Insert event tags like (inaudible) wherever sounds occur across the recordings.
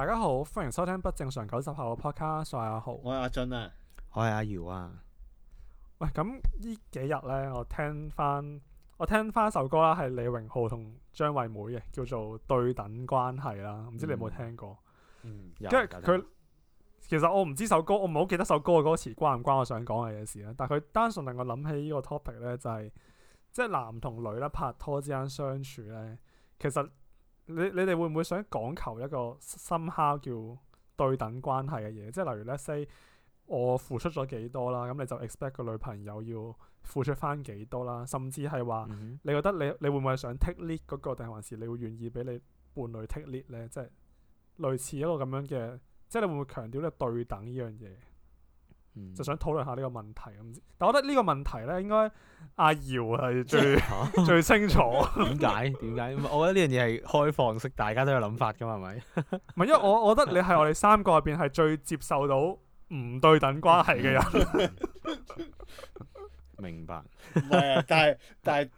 大家好，歡迎收聽不正常九十後嘅 podcast，我係阿豪，我係阿俊啊，我係阿姚啊。喂，咁呢幾日咧，我聽翻，我聽翻首歌啦，係李榮浩同張惠妹嘅，叫做《對等關係》啦，唔知你有冇聽過嗯？嗯，有。跟住佢，其實我唔知首歌，我唔好記得首歌嘅歌詞，關唔關我想講嘅嘢事咧？但係佢單純令我諗起呢個 topic 咧，就係、是、即係男同女咧拍拖之間相處咧，其實。你你哋會唔會想講求一個深刻叫對等關係嘅嘢？即係例如 let's say 我付出咗幾多啦，咁你就 expect 個女朋友要付出翻幾多啦，甚至係話你覺得你你會唔會想 take lead 嗰個，定還是你會願意俾你伴侶 take lead 咧？即係類似一個咁樣嘅，即係你會唔會強調咧對等呢樣嘢？嗯、就想討論下呢個問題，唔但我覺得呢個問題咧，應該阿堯係最最清楚，點解？點解？我覺得呢樣嘢係開放式，大家都有諗法噶嘛，係咪？唔係，因為我我覺得你係我哋三個入邊係最接受到唔對等關係嘅人， (laughs) (laughs) 明白？唔係 (laughs) 啊，但係但係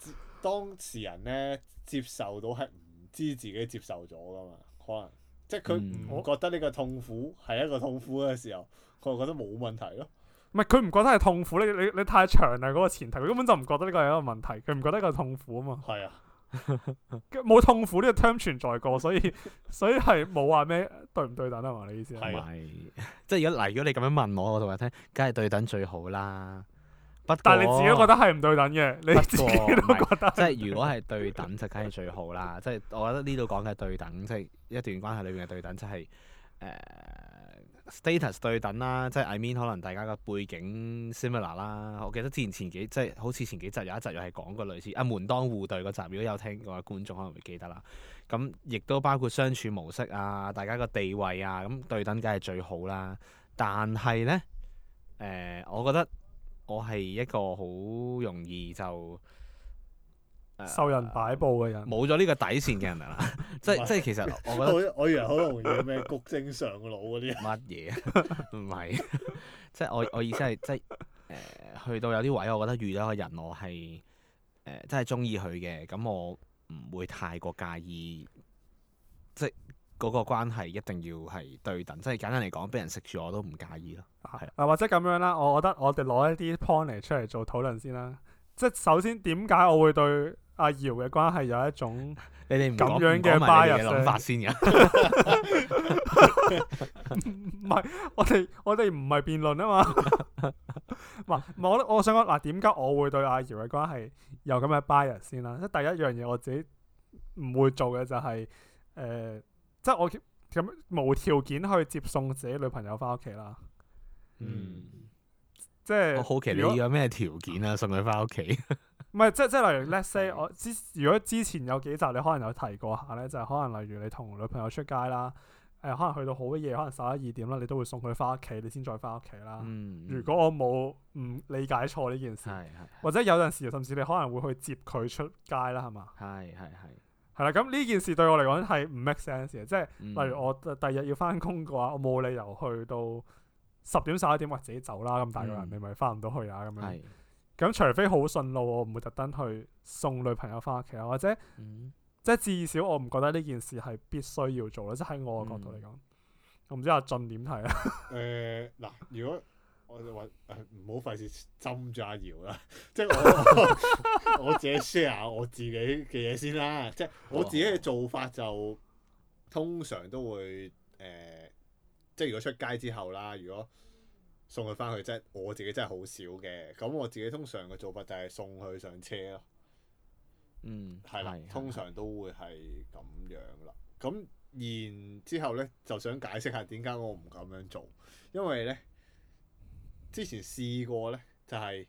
當事人咧接受到係唔知自己接受咗噶嘛，可能。即係佢唔覺得呢個痛苦係一個痛苦嘅時候，佢就覺得冇問題咯。唔係佢唔覺得係痛苦咧，你你，你太長啦，嗰、那個前提，佢根本就唔覺得呢個係一個問題，佢唔覺得呢個痛苦啊嘛。係是啊，冇 (laughs) (laughs) 痛苦呢個 term 存在過，所以所以係冇話咩對唔對等啊嘛？你意思係咪？即係如果嚟，如果你咁樣問我我同你聽，梗係對等最好啦。不但你自己覺得係唔對等嘅，過你自己都覺得。即係過是如果係對等就梗係最好啦。即係 (laughs) 我覺得呢度講嘅對等，即、就、係、是、一段關係裏面嘅對等、就是，即係誒 status 對等啦。即、就、係、是、I mean 可能大家個背景 similar 啦。我記得之前前幾即係、就是、好似前幾集有一集又係講過類似啊門當戶對嗰集，如果有聽過嘅觀眾可能會記得啦。咁亦都包括相處模式啊，大家個地位啊，咁對等梗係最好啦。但係咧誒，我覺得。我係一個好容易就、呃、受人擺布嘅人，冇咗呢個底線嘅人啦。即係即係其實我 (laughs) 我我以為好容易咩 (laughs) 谷精上腦嗰啲乜嘢？唔係，即係我我意思係即係誒、呃，去到有啲位，我覺得遇到一個人我係誒，真係中意佢嘅，咁我唔會太過介意即。嗰個關係一定要係對等，即係簡單嚟講，俾人食住我都唔介意咯。係啊，或者咁樣啦，我覺得我哋攞一啲 point 嚟出嚟做討論先啦。即係首先點解我會對阿姚嘅關係有一種你哋唔咁樣嘅 bias 嘅諗法先嘅？唔係， (laughs) (laughs) (laughs) 我哋我哋唔係辯論啊嘛。嗱， (laughs) 我我想講嗱，點解我會對阿姚嘅關係有咁嘅 bias 人先啦？即係第一樣嘢，我自己唔會做嘅就係、是、誒。呃即係我咁無條件去接送自己女朋友翻屋企啦。嗯，即係我好奇你有咩條件啊？送佢翻屋企？唔係，即係即係例如，let's say 我之如果之前有幾集你可能有提過下咧，就係可能例如你同女朋友出街啦，誒，可能去到好嘅夜，可能十一二點啦，你都會送佢翻屋企，你先再翻屋企啦。如果我冇唔理解錯呢件事，係係，或者有陣時甚至你可能會去接佢出街啦，係嘛？係係係。係啦，咁呢件事對我嚟講係唔 make sense 嘅，即係例如我第日要翻工嘅話，嗯、我冇理由去到十點十一點或者自己走啦，咁大個人、嗯、你咪翻唔到去啊，咁樣。咁是的除非好順路，我唔會特登去送女朋友翻屋企啊，或者、嗯、即係至少我唔覺得呢件事係必須要做囉，即係喺我嘅角度嚟講。嗯、我唔知阿俊點睇啊？誒，嗱，如果。我就話誒唔好費事針住阿瑤啦，即係我我自己 share 我自己嘅嘢先啦，即係我自己嘅做法就通常都會誒，即係如果出街之後啦，如果送佢翻去，即係我自己真係好少嘅。咁我自己通常嘅做法就係送佢上車咯。嗯。係啦，通常都會係咁樣啦。咁然之後咧，就想解釋下點解我唔咁樣做，因為咧，之前試過呢，就係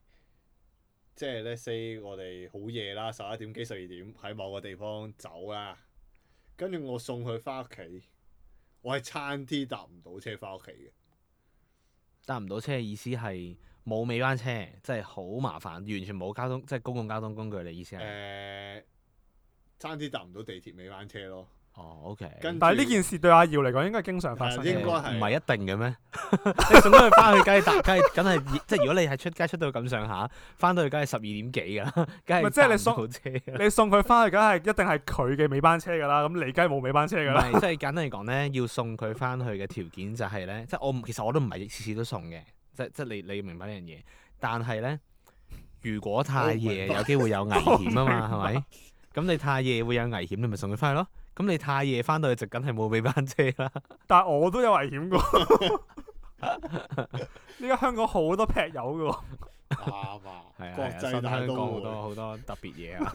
即係呢，s a y 我哋好夜啦，十一點幾十二點喺某個地方走啦，跟住我送佢翻屋企，我係差啲搭唔到車翻屋企嘅。搭唔到車意思係冇尾班車，即係好麻煩，完全冇交通，即、就、係、是、公共交通工具。你意思係？誒、呃，差啲搭唔到地鐵尾班車咯。哦，OK。着但係呢件事對阿耀嚟講，應該經常發生，呃、應該係唔係一定嘅咩？ (laughs) 你送咗佢翻去，梗係搭，梗係梗係，即係如果你係出街出到咁上下，翻到去梗係十二點幾噶啦，梗係。唔係，即係你送， (laughs) 你送佢翻去，梗係一定係佢嘅尾班車噶啦。咁你梗係冇尾班車噶啦。即係、嗯、簡單嚟講咧，要送佢翻去嘅條件就係、是、咧，即係我其實我都唔係次次都送嘅，即即係你你要明白呢樣嘢。但係咧，如果太夜有機會有危險啊嘛，係咪？咁你太夜會有危險，你咪送佢翻去咯。咁你太夜翻到去就，梗係冇尾班車啦。但係我都有危險噶，依家香港好多劈友噶。啱啊，係啊， (laughs) 新香港好多好多特別嘢啊。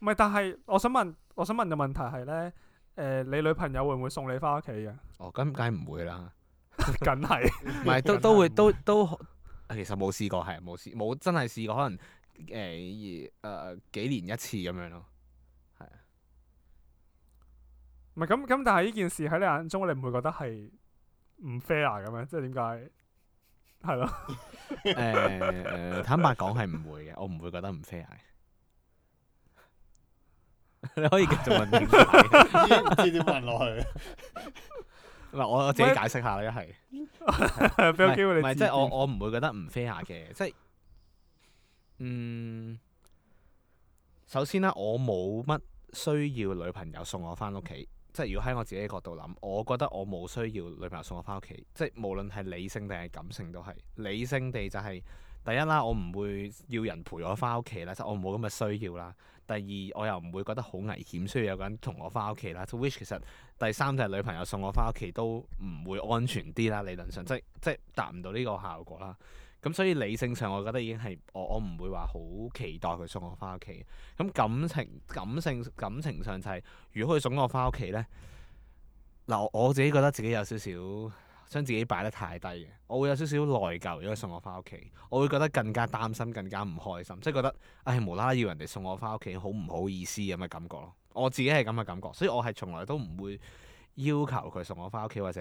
唔係，但係我想問，我想問嘅問題係咧，誒、呃，你女朋友會唔會送你翻屋企嘅？哦，咁梗唔會啦，梗係 (laughs) 然是。唔 (laughs) 係 (laughs) 都都會都都，其實冇試過，係冇試冇真係試過，可能誒誒、呃呃呃、幾年一次咁樣咯。唔係咁咁，但係呢件事喺你眼中，你唔會覺得係唔 fair 咁樣？即係點解？係咯？坦白講係唔會嘅，我唔會覺得唔 fair。你可以繼續問點解？唔知點問落去？嗱，我我自己解釋下啦，一係唔係即係我我唔會覺得唔 fair 嘅，即係嗯，首先啦，我冇乜需要女朋友送我翻屋企。即係如果喺我自己嘅角度諗，我覺得我冇需要女朋友送我翻屋企。即係無論係理性定係感性都係，理性地就係、是、第一啦，我唔會要人陪我翻屋企啦，即我冇咁嘅需要啦。第二，我又唔會覺得好危險，需要有個人同我翻屋企啦。To wish 其實第三就係、是、女朋友送我翻屋企都唔會安全啲啦，理論上即係即係達唔到呢個效果啦。咁所以理性上，我覺得已經係，我我唔會話好期待佢送我翻屋企。咁感情、感性、感情上就係，如果佢送我翻屋企咧，嗱，我，我自己覺得自己有少少將自己擺得太低嘅，我會有少少內疚。如果佢送我翻屋企，我會覺得更加擔心、更加唔開心，即係覺得唉無啦啦要人哋送我翻屋企，好唔好意思咁嘅感覺咯。我自己係咁嘅感覺，所以我係從來都唔會要求佢送我翻屋企，或者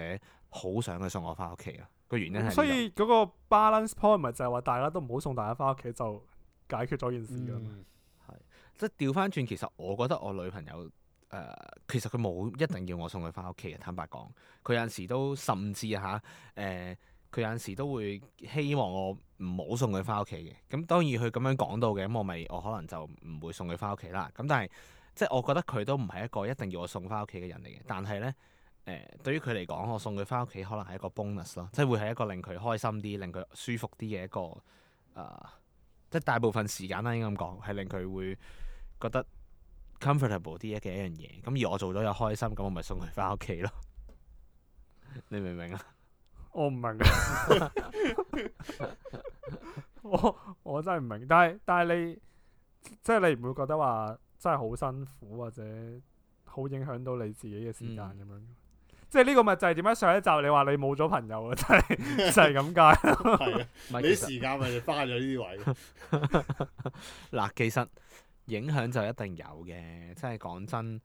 好想佢送我翻屋企啊。個原因係，所以嗰個 balance point 咪就係話，大家都唔好送大家翻屋企，就解決咗件事啦、嗯。係，即係調翻轉，其實我覺得我女朋友誒、呃，其實佢冇一定要我送佢翻屋企嘅。坦白講，佢有陣時都甚至吓，誒、呃，佢有陣時都會希望我唔好送佢翻屋企嘅。咁當然佢咁樣講到嘅，咁我咪我可能就唔會送佢翻屋企啦。咁但係，即係我覺得佢都唔係一個一定要我送翻屋企嘅人嚟嘅。但係咧，誒、呃，對於佢嚟講，我送佢翻屋企可能係一個 bonus 咯，即係會係一個令佢開心啲、令佢舒服啲嘅一個啊、呃，即係大部分時間啦，應該咁講，係令佢會覺得 comfortable 啲嘅一樣嘢。咁而我做咗又開心，咁我咪送佢翻屋企咯。 (laughs) 你明唔明啊 (laughs) (laughs) 我唔明啊！我我真係唔明。但係但係你，即係你唔會覺得話真係好辛苦或者好影響到你自己嘅時間咁樣、嗯？即係呢個咪就係點解上一集你話你冇咗朋友啊， (laughs) 真係就係咁解。係啊，啲時間咪就花咗呢啲位。嗱，其實影響就一定有嘅。即係講真，誒、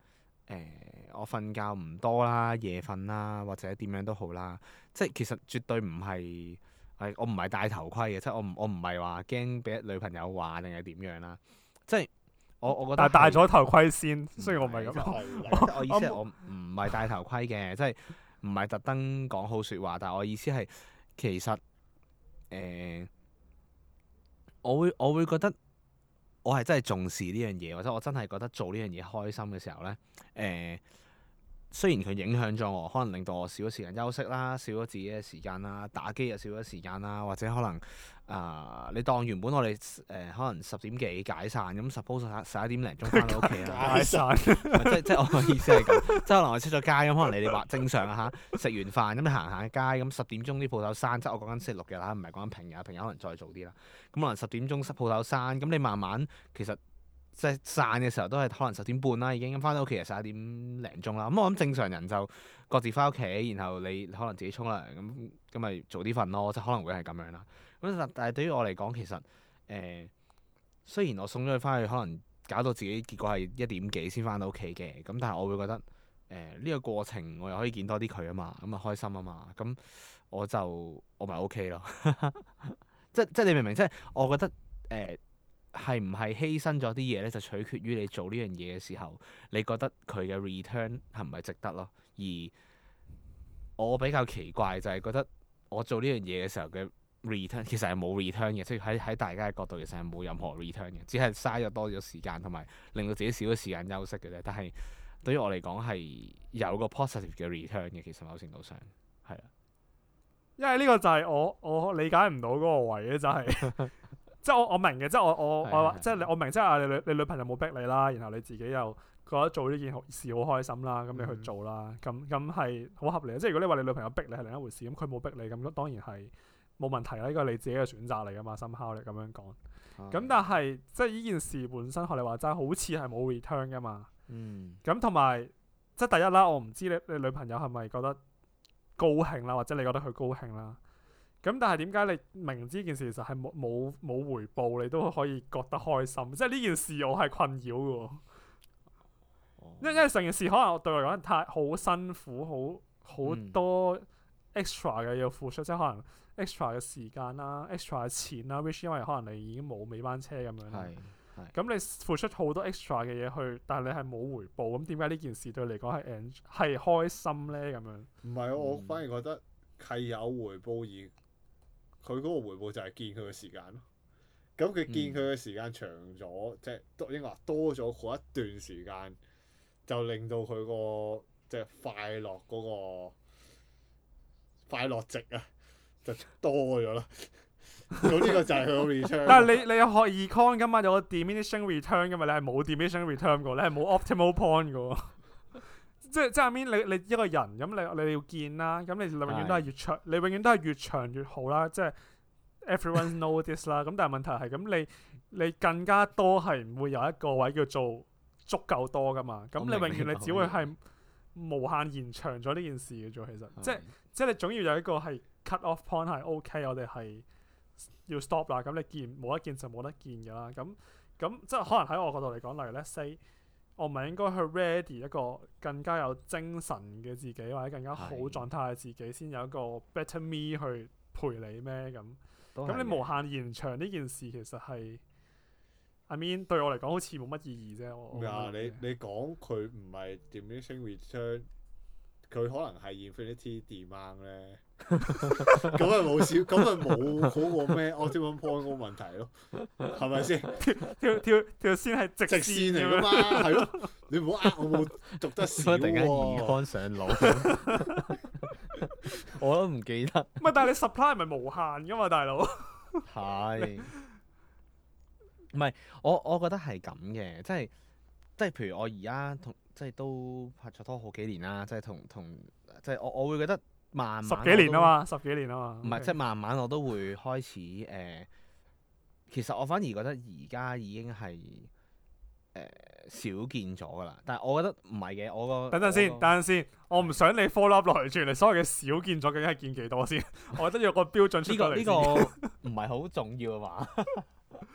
呃，我瞓覺唔多啦，夜瞓啦，或者點樣都好啦。即係其實絕對唔係，係我唔係戴頭盔嘅。即係我唔我唔係話驚俾女朋友話定係點樣啦。即係。我我覺得，但係戴咗頭盔先，係雖然我唔係咁樣。我我意思係我唔係戴頭盔嘅，即係唔係特登講好説話。但係我意思係其實，誒、呃，我會我會覺得我係真係重視呢樣嘢，或者我真係覺得做呢樣嘢開心嘅時候咧，誒、呃。雖然佢影響咗我，可能令到我少咗時間休息啦，少咗自己嘅時間啦，打機又少咗時間啦，或者可能啊、呃，你當原本我哋誒、呃、可能十點幾解散咁，十十一點零鐘翻到屋企啦。解散，嗯解散啊、即即我嘅意思係咁， (laughs) 即可能我出咗街咁，可能你哋話正常啊吓，食完飯咁你、嗯、行行下街咁、嗯、十點鐘啲鋪頭閂。即我講緊星期六日啦，唔係講緊平日，平日可能再早啲啦。咁、嗯嗯、可能十點鐘鋪頭閂，咁、嗯嗯、你慢慢其實。即係散嘅時候都係可能十點半啦，已經咁翻到屋企又十一點零鐘啦。咁、嗯、我諗正常人就各自翻屋企，然後你可能自己沖涼，咁咁咪早啲瞓咯。即可能會係咁樣啦。咁但係對於我嚟講，其實誒、呃，雖然我送咗佢翻去，可能搞到自己結果係一點幾先翻到屋企嘅。咁但係我會覺得誒呢、呃這個過程我又可以見多啲佢啊嘛，咁啊開心啊嘛。咁我就我咪 OK 咯。 (laughs) 即即係你明唔明？即係我覺得誒。呃係唔係犧牲咗啲嘢咧，就取決於你做呢樣嘢嘅時候，你覺得佢嘅 return 係唔係值得咯？而我比較奇怪就係覺得我做呢樣嘢嘅時候嘅 return 其實係冇 return 嘅，即係喺喺大家嘅角度其實係冇任何 return 嘅，只係嘥咗多咗時間同埋令到自己少咗時間休息嘅啫。但係對於我嚟講係有個 positive 嘅 return 嘅，其實某程度上係啊，因為呢個就係我我理解唔到嗰個位咧，就係、是。 (laughs) 即係我我明嘅，即係我我是的 我即係你我明，即係啊你女你女朋友冇逼你啦，然後你自己又覺得做呢件事好開心啦，咁你去做啦，咁咁係好合理嘅。即係如果你話你女朋友逼你係另一回事，咁佢冇逼你咁，當然係冇問題啦。呢個你自己嘅選擇嚟噶嘛，心口你咁樣講。咁但係是的 即係呢件事本身學你話齋，好似係冇 return 噶嘛。咁同埋即係第一啦，我唔知你你女朋友係咪覺得高興啦，或者你覺得佢高興啦。咁但係點解你明知件事其實係冇冇冇回報，你都可以覺得開心？即係呢件事我係困擾嘅，哦、因為因為成件事可能我對我嚟講太好辛苦，好好多 extra 嘅要付出，嗯、即係可能 extra 嘅時間啦、啊、extra 嘅錢啦、啊、which 因為可能你已經冇尾班車咁樣，係咁你付出好多 extra 嘅嘢去，但係你係冇回報，咁點解呢件事對你嚟講係 enjoy 係開心咧？咁樣唔係、啊，我反而、嗯、覺得係有回報而。佢嗰個回報就係見佢嘅時間咯，咁佢見佢嘅時間長咗，即係應該話多咗嗰一段時間，就令到佢個即係快樂嗰個快樂值啊，就多咗咯。咁呢個就係佢個 return。但係你你有學 econ 噶嘛？有個 diminishing return 噶嘛？你係冇 diminishing return 個，你係冇 optimal point 個。即係即係 I mean 你你一個人咁你你要見啦，咁你永遠都係越長，Yes. 你永遠都係越長越好啦。即係 everyone knows this 啦。咁但係問題係咁，你你更加多係唔會有一個位叫做足夠多噶嘛。咁你永遠你只會係無限延長咗呢件事嘅啫。其實 Yes. 即係 Yes. 即係你總要有一個係 cut off point 係 OK，我哋係要 stop 啦。咁你見冇得見就冇得見㗎啦。咁咁即係可能喺我角度嚟講，例如 let's say。我唔係應該去 ready 一個更加有精神嘅自己，或者更加好狀態嘅自己，先的有一個 better me 去陪你咩咁？咁你無限延長呢件事其實係，阿 I mean 對我嚟講好似冇乜意義啫。我。的我你你講佢唔係 diminishing return 佢可能係 infinite demand 咧。咁咪冇少，咁咪冇好過咩？Optimum point 個問題咯，係咪先？跳跳跳線係直線嚟噶嘛？係咯， (laughs) 你唔好呃我，讀得少。突然間二方上腦， (laughs) (laughs) 我都唔記得。咪但係你 supply 係咪無限噶嘛、啊，大佬？係 (laughs) ，唔係我我覺得係咁嘅，即係即係，譬如我而家同即係都拍咗拖好幾年啦，即係同同即係我我會覺得。十幾年啊嘛，十幾年啊嘛。唔係，即係慢慢我都會開始誒。其實我反而覺得而家已經係誒少見咗噶啦。但係我覺得唔係嘅，我個等陣先，等陣先。我唔想你 follow up 落落嚟住，你所謂嘅少見咗，究竟係見幾多先？我覺得有個標準出嚟。呢個呢個唔係好重要啊嘛。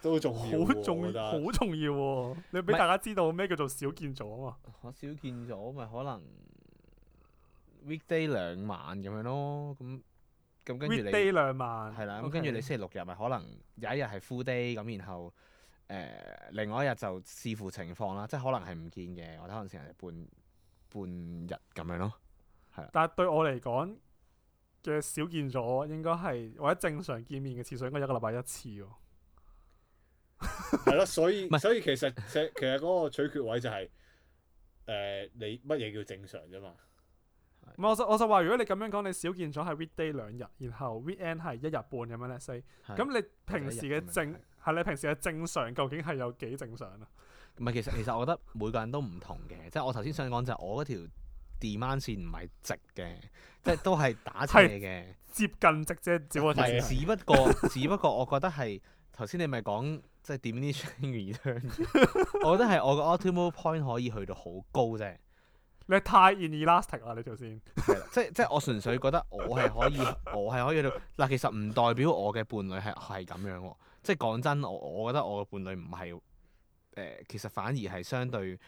都仲好重好重要，你俾大家知道咩叫做少見咗啊嘛？我少見咗，咪可能。weekday 兩晚咁樣咯，咁咁跟住你 weekday 兩晚係啦，咁 Okay. 跟住你星期六日咪可能有一日係 full day 咁，然後誒、呃、另外一日就視乎情況啦，即係可能係唔見嘅，我睇可能成日半半日咁樣咯。係，但係對我嚟講嘅少見咗，應該係或者正常見面嘅次數應該一個禮拜一次喎。係 (laughs) 咯，所以唔係， (laughs) 是所以其實其實嗰個取決位就係、是、誒、呃、你乜嘢叫正常啫嘛。唔係，我就我就話，如果你咁樣講，你少見咗係 weekday 兩日，然後 weekend 係一日半咁樣咧，所以咁是你平時嘅正係你平時嘅正，正常，究竟係有幾正常啊？唔係，其實其實我覺得每個人都唔同嘅， (laughs) 即係我頭先想講就係我嗰條 demand 線唔係直嘅，即係都係打斜嘅， (laughs) 接近直啫，只不過， (laughs) 只不過，我覺得係頭先你咪講即係點啲我覺得係我個 optimal point 可以去到好高啫。你太 inelastic 啦！你做先。係啦， (laughs) 即係即係我純粹覺得我係可以，我係可以到。嗱， (laughs) 其實唔代表我嘅伴侶係係咁樣喎、啊。即係講真，我我覺得我嘅伴侶唔係誒，其實反而係相對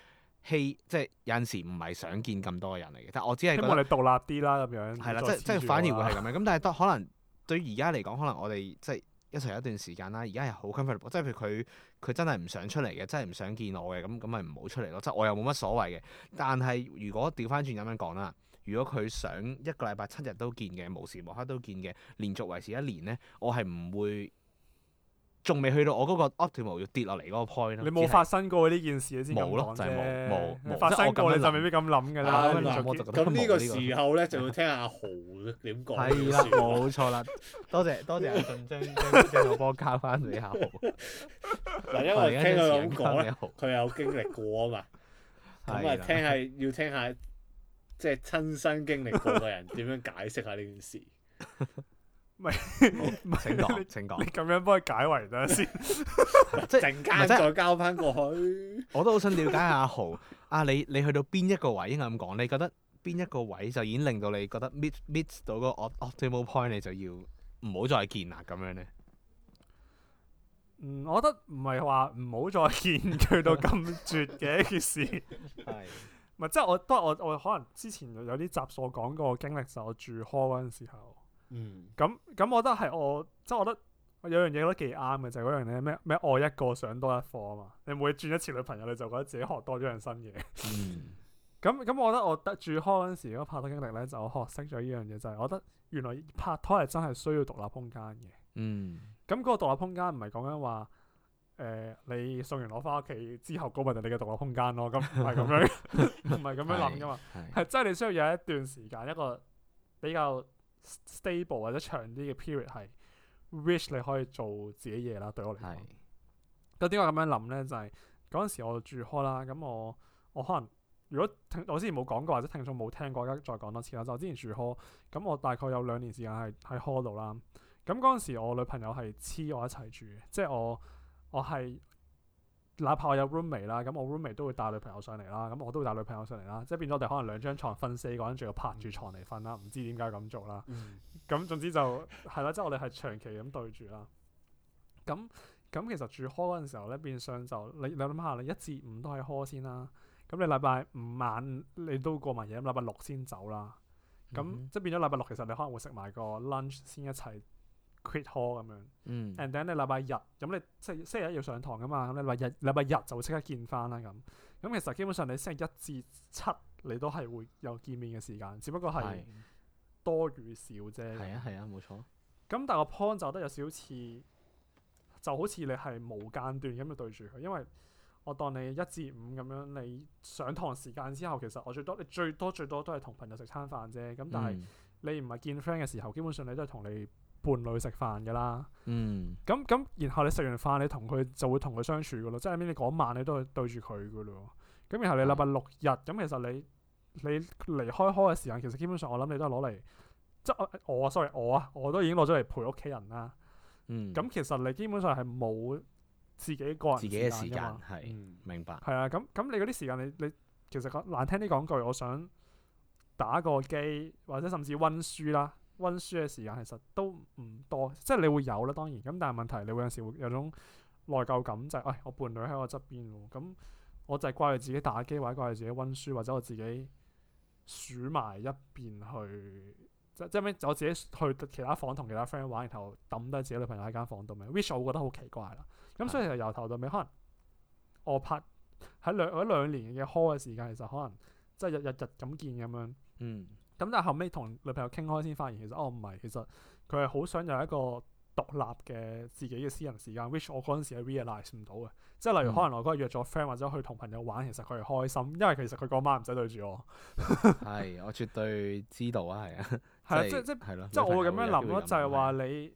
稀，即係有陣時唔係想見咁多人嚟嘅。但係我只係覺得你獨立啲啦，咁樣係啦，即係、啊、即係反而會係咁樣。咁但係都可能對而家嚟講，可能我哋即係。一齊有一段時間啦，而家係好 comfortable，即係譬如佢佢真係唔想出嚟嘅，真係唔想見我嘅，咁咁咪唔好出嚟咯。即係我又冇乜所謂嘅。但係如果調翻轉咁樣講啦，如果佢想一個禮拜七日都見嘅，無時無刻都見嘅，連續維持一年咧，我係唔會。仲未去到我嗰個 optimal 要跌落嚟嗰個 point 咯，你冇發生過呢件事先咁講啫。冇咯，就係冇冇冇。發生過你就未必咁諗㗎啦。咁呢個時候咧，就要聽阿豪點講呢。冇錯啦，多謝多謝阿俊清，幫我交翻你下。嗱，因為我聽佢咁講，佢有經歷過啊嘛。咁啊，聽下要聽下，即係親身經歷過嘅人點樣解釋下呢件事。唔係，請講，你請講，咁樣幫佢解圍先，即係陣間再交翻過去。我都好想了解下豪，啊你你去到邊一個位應該咁講？你覺得邊一個位就已經令到你覺得 miss miss 到個 optimal point，你就要唔好再見啦？咁樣咧？嗯，我覺得唔係話唔好再見，去到咁絕嘅一件事。係，係即係我都係我我可能之前有啲集數講過經歷，就我住開嗰陣時候。嗯，咁咁，我覺得係我，即係我覺得有樣嘢，我覺得幾啱嘅就係嗰樣嘢咩咩，愛一個上多一課啊嘛。你每轉一次女朋友，你就覺得自己學多咗、嗯、樣新嘢。嗯，咁咁，我覺得我得住康嗰時嗰拍拖經歷咧，就我學識咗呢樣嘢，就係、是、我覺得原來拍拖係真係需要獨立空間嘅。嗯，咁嗰個獨立空間唔係講緊話，誒、呃，你送完我翻屋企之後嗰咪就你嘅獨立空間咯。咁唔係咁樣，唔係咁樣諗噶嘛。係， (laughs) 真係你需要有一段時間一個比較。stable 或者長啲嘅 period 係，wish 你可以做自己嘢啦。對我嚟講，咁點解咁樣諗呢？就係嗰陣時我住 hall 啦，咁我我可能如果聽我之前冇講過或者聽眾冇聽過，而家再講多次啦。就我之前住 hall，咁我大概有兩年時間係喺 hall 度啦。咁嗰陣時我女朋友係黐我一齊住即係我我係。哪怕我有 roommate 啦，咁我 roommate 都會帶女朋友上嚟啦，咁我都會帶女朋友上嚟啦，即係變咗我哋可能兩張床瞓四個人，仲要拍住床嚟瞓啦，唔、嗯、知點解咁做啦。咁、嗯、總之就係啦，即係 (laughs) 我哋係長期咁對住啦。咁咁其實住 hall 嗰陣時候咧，變相就你你諗下，你一至五都喺 hall 先啦。咁你禮拜五晚你都過埋夜，咁禮拜六先走啦。咁、嗯嗯、即係變咗禮拜六其實你可能會食埋個 lunch 先一齊。quit hall 咁樣，嗯，and then 你禮拜日，咁你即星期一要上堂噶嘛，咁你禮拜日禮拜日就即刻見翻啦咁。咁其實基本上你星期一至七你都係會有見面嘅時間，只不過係多與少啫。係啊係啊，冇錯。咁但係個 point 就得有少少似，就好似你係無間斷咁樣對住佢，因為我當你一至五咁樣你上堂時間之後，其實我最多你最多最多都係同朋友食餐飯啫。咁但係你唔係見 friend 嘅時候，基本上你都係同你，伴侶食飯嘅啦，嗯，咁咁，然後你食完飯，你同佢就會同佢相處嘅咯，即係邊？你嗰晚你都對住佢嘅咯，咁然後你禮拜六日，咁、嗯、其實你你離開開嘅時間，其實基本上我諗你都係攞嚟，即我，我，sorry，我啊，我都已經攞咗嚟陪屋企人啦，咁、嗯、其實你基本上係冇自己個人自己嘅時間，係明白。係、嗯、啊，咁咁你嗰啲時間，你你其實講難聽啲講句，我想打個機或者甚至温書啦。温書嘅時間其實都唔多，即係你會有啦，當然。咁但係問題，你會有時會有種內疚感，就係，就係，喂，我伴侶喺我側邊喎，咁、嗯、我就係怪自己打機，或者怪自己温書，或者我自己鼠埋一邊去，即即係咩我自己去其他房同其他 friend 玩，然後抌低自己女朋友喺間房度咪？which 我覺得好奇怪啦。咁、嗯嗯、所以由頭到尾，可能我拍喺兩喺兩年嘅 holiday 時間，其實可能即係日日日咁見咁樣。嗯。咁但係後尾同女朋友傾開先，發現其實我唔係，其實佢係好想有一個獨立嘅自己嘅私人時間。which 我嗰陣時係 realize 唔到嘅，即係例如可能我嗰日約咗 friend 或者去同朋友玩，其實佢係開心，因為其實佢嗰晚唔使對住我。係，我絕對知道啊，係啊。係啊，即即係即係我會咁樣諗咯，就係話你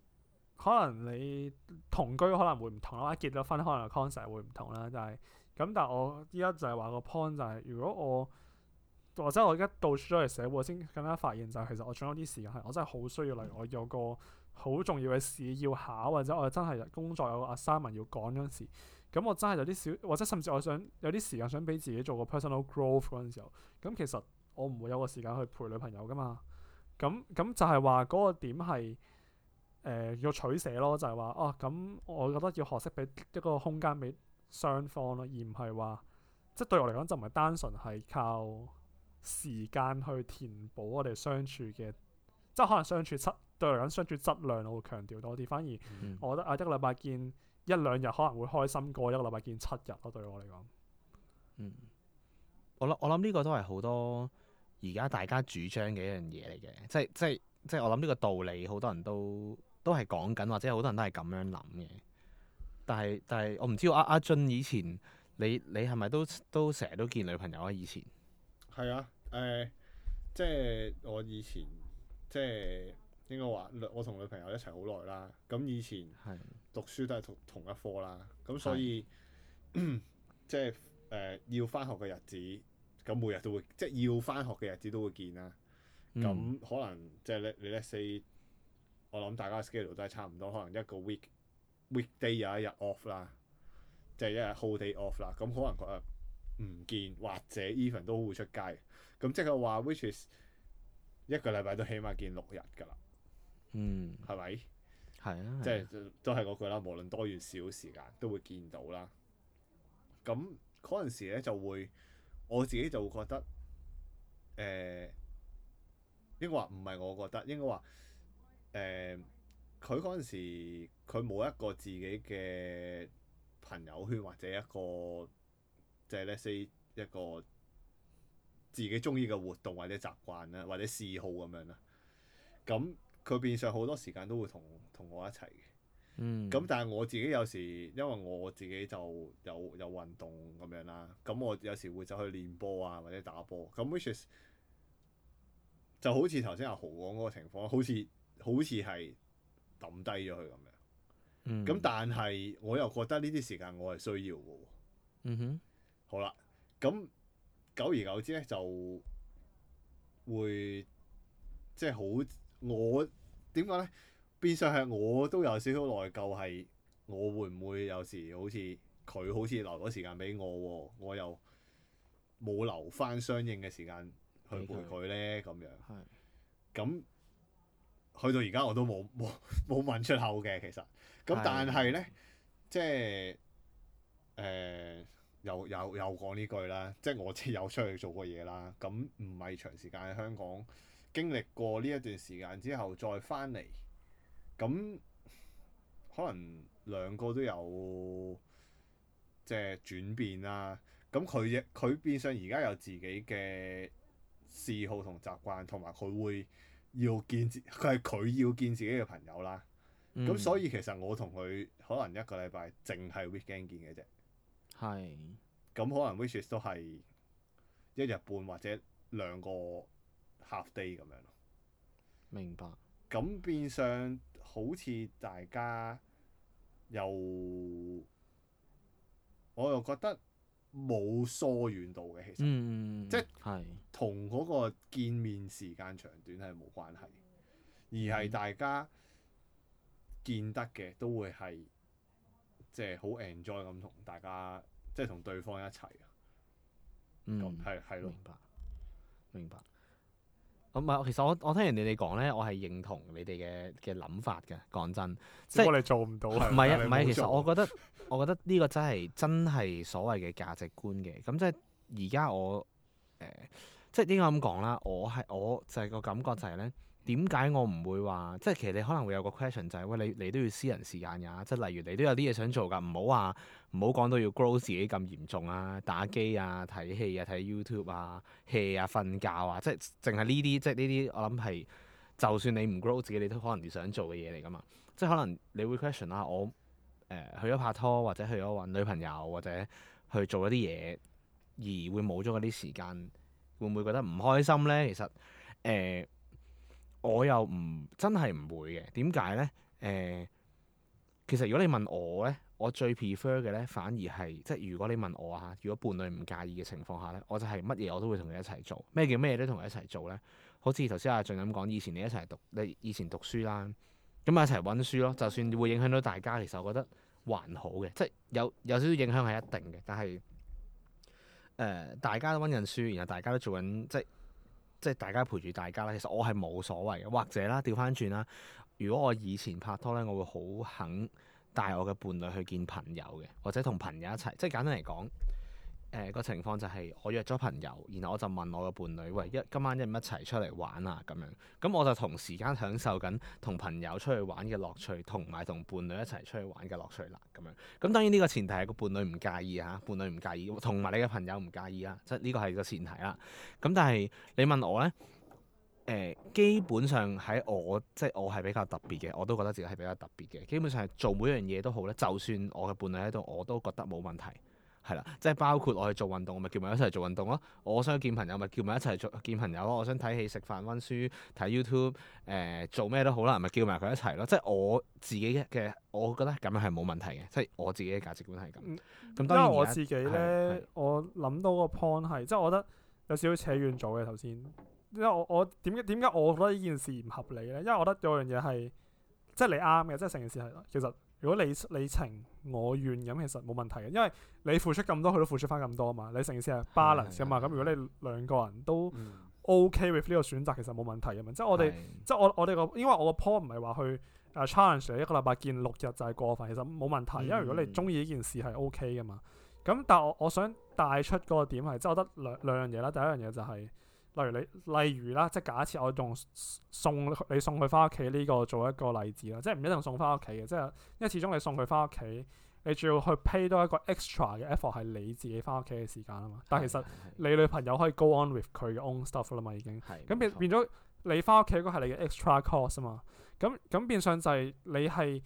可能你同居可能會唔同啦，結咗婚可能 concept 會唔同啦。但係咁，但係我依家就係話個 point 就係如果我。或者我而家到咗嚟社會先更加發現，就係其實我仲有啲時間係我真係好需要。例如我有個好重要嘅事要考，或者我真係工作有 assignment 要趕嗰陣時，咁我真係有啲小，或者甚至我想有啲時間想俾自己做個 personal growth 嗰陣時候，咁其實我唔會有個時間去陪女朋友噶嘛。咁咁就係話嗰個點係、呃、要取捨咯，就係話哦咁，啊、我覺得要學識俾一個空間俾雙方咯，而唔係話即係對我嚟講就唔係單純係靠。時間去填補我哋相處嘅，即係可能相處質對嚟，相處質量，我會強調多啲。反而我覺得啊，一個禮拜見一兩日可能會開心過一個禮拜見七日咯。對我嚟講，嗯，我諗我諗呢個都係好多而家大家主張嘅一樣嘢嚟嘅，即係即係即係我諗呢個道理，好多人都都係講緊，或者好多人都係咁樣諗嘅。但係但係我唔知道阿阿俊以前你你係咪都都成日都見女朋友啊？以前。係啊，誒、呃，即、就、係、是、我以前，即、就、係、是、應該話，我同女朋友一齊好耐啦。咁以前讀書都係同同一科啦，咁的所以即係誒要返學嘅日子，咁每日都會，即、就、係、是、要返學嘅日子都會見啦。咁、嗯、可能即係你你 Let's say，我諗大家 schedule 都係差唔多，可能一個 week week day 有一日 off 啦，即、就、係、是、一日 whole day off 啦，咁可能佢。嗯呃唔見或者 even 都會出街，咁即係話 (noise) ，which is 一個禮拜都起碼見六日㗎啦。嗯，係咪？係啊，即係都係嗰句啦。無論多與少時間，都會見到啦。咁嗰陣時咧就會我自己就會覺得，誒、呃、應該話唔係，我覺得應該話誒佢嗰陣時佢冇一個自己嘅朋友圈或者一個。即係咧，say 一個自己中意嘅活動或者習慣啦，或者嗜好咁樣啦。咁佢變相好多時間都會同同我一齊嘅。咁、嗯、但係我自己有時因為我自己就有有運動咁樣啦。咁我有時會走去練波啊，或者打波。咁 which is 就好似頭先阿豪講嗰個情況，好似好似係抌低咗佢咁樣。嗯。咁但係我又覺得呢啲時間我係需要嘅。嗯哼。好啦，咁久而久之咧，就會即係好我點講咧？變相係我都有少少內疚，係我會唔會有時好似佢好似留咗時間俾我，我又冇留翻相應嘅時間去陪佢咧咁樣。係。咁去到而家我都冇冇冇問出口嘅其實，咁但係咧，即係誒。呃又又又講呢句啦，即係我即係有出去做過嘢啦，咁唔係長時間喺香港，經歷過呢一段時間之後再翻嚟，咁可能兩個都有即係轉變啦。咁佢亦佢變相而家有自己嘅嗜好同習慣，同埋佢會要見自佢係佢要見自己嘅朋友啦。咁、嗯、所以其實我同佢可能一個禮拜淨係 weekend 見嘅啫。係，咁可能 which is 都係一日半或者兩個 half day 咁樣咯。明白。咁變相好似大家又，我又覺得冇疏遠到嘅，其實，嗯、即係同嗰個見面時間長短係冇關係，而係大家見得嘅都會係，即係好 enjoy 咁同大家，即係同對方一齊，咁係係咯，明白，明白。咁、啊、唔其實我我聽人哋你講咧，我係認同你哋嘅嘅諗法嘅。講真，即係我哋做唔到。唔係啊，唔係。其實我覺得我覺得呢個真係真係所謂嘅價值觀嘅。咁 (laughs) 即係而家我誒、呃，即係應該咁講啦。我係我就係個感覺就係、係、咧。點解我唔會話？即係其實你可能會有個 question 就係：喂，你你都要私人時間㗎！即係例如你都有啲嘢想做㗎，唔好話唔好講到要 grow 自己咁嚴重啊！打機啊、睇戲啊、睇 YouTube 啊、hea 啊、瞓覺啊，即係淨係呢啲，即係呢啲我諗係就算你唔 grow 自己，你都可能你想做嘅嘢嚟㗎嘛。即係可能你會 question 啦，我、呃、誒去咗拍拖，或者去咗揾女朋友，或者去做一啲嘢，而會冇咗嗰啲時間，會唔會覺得唔開心呢？其實誒。呃我又唔真係唔會嘅，點解咧？誒、呃，其實如果你問我咧，我最 prefer 嘅咧，反而係即係如果你問我啊，如果伴侶唔介意嘅情況下咧，我就係乜嘢我都會同佢一齊做。咩叫咩都同佢一齊做咧？好似頭先阿俊咁講，以前你一齊讀，你以前讀書啦，咁啊一齊温書咯。就算會影響到大家，其實我覺得還好嘅，即係有有少少影響係一定嘅，但係誒、呃、大家都温緊書，然後大家都做緊即係。即係大家陪住大家啦，其實我係冇所謂嘅，或者啦，調翻轉啦，如果我以前拍拖咧，我會好肯帶我嘅伴侶去見朋友嘅，或者同朋友一齊，即係簡單嚟講。誒個、呃、情況就係我約咗朋友，然後我就問我個伴侶：喂，一今晚一唔一齊出嚟玩啊？咁樣咁我就同時間享受緊同朋友出去玩嘅樂趣，同埋同伴侶一齊出去玩嘅樂趣啦。咁樣咁當然呢個前提係個伴侶唔介意吓，伴侶唔介意，同埋你嘅朋友唔介意啦。即係呢個係個前提啦。咁但係你問我咧，誒、呃、基本上喺我即係、就是、我係比較特別嘅，我都覺得自己係比較特別嘅。基本上係做每樣嘢都好咧，就算我嘅伴侶喺度，我都覺得冇問題。係啦，即係包括我去做運動，我咪叫埋佢一齊做運動咯。我想見朋友，咪叫埋一齊做見朋友咯。我想睇戲、食飯、溫書、睇 YouTube，誒、呃、做咩都好啦，咪叫埋佢一齊咯。即係我自己嘅，我覺得咁樣係冇問題嘅，即、就、係、是、我自己嘅價值觀係咁。咁當然我自己呢，我諗到個 point 係，即係我覺得有少少扯遠咗嘅頭先。因為我我點點解我覺得呢件事唔合理咧？因為我覺得有樣嘢係即係你啱嘅，即係成件事係其實。如果你你情我願咁，其實冇問題嘅，因為你付出咁多，佢都付出翻咁多啊嘛。你成件事係 balance 嘅嘛。咁如果你兩個人都 OK、嗯、with 呢個選擇，其實冇問題嘅嘛。即係我哋，對 即係我我哋個，因為我個 point 唔係話去 challenge 一個禮拜見六日就係過分，其實冇問題。因為如果你中意呢件事係 OK 嘅嘛。咁、嗯、但係我我想帶出嗰個點係，即係我覺得兩兩樣嘢啦。第一樣嘢就係、是。例如你，例如啦，即係假設我用送你送佢翻屋企呢個做一個例子啦，即係唔一定送翻屋企嘅，即係因為始終你送佢翻屋企，你仲要去 pay 多一個 extra 嘅 effort 係你自己翻屋企嘅時間啊嘛。但係其實你女朋友可以 go on with 佢嘅 own stuff 啦嘛，已經。係變。咁沒錯 變變咗你翻屋企嗰個係你嘅 extra cost 啊嘛。咁咁變相就係你係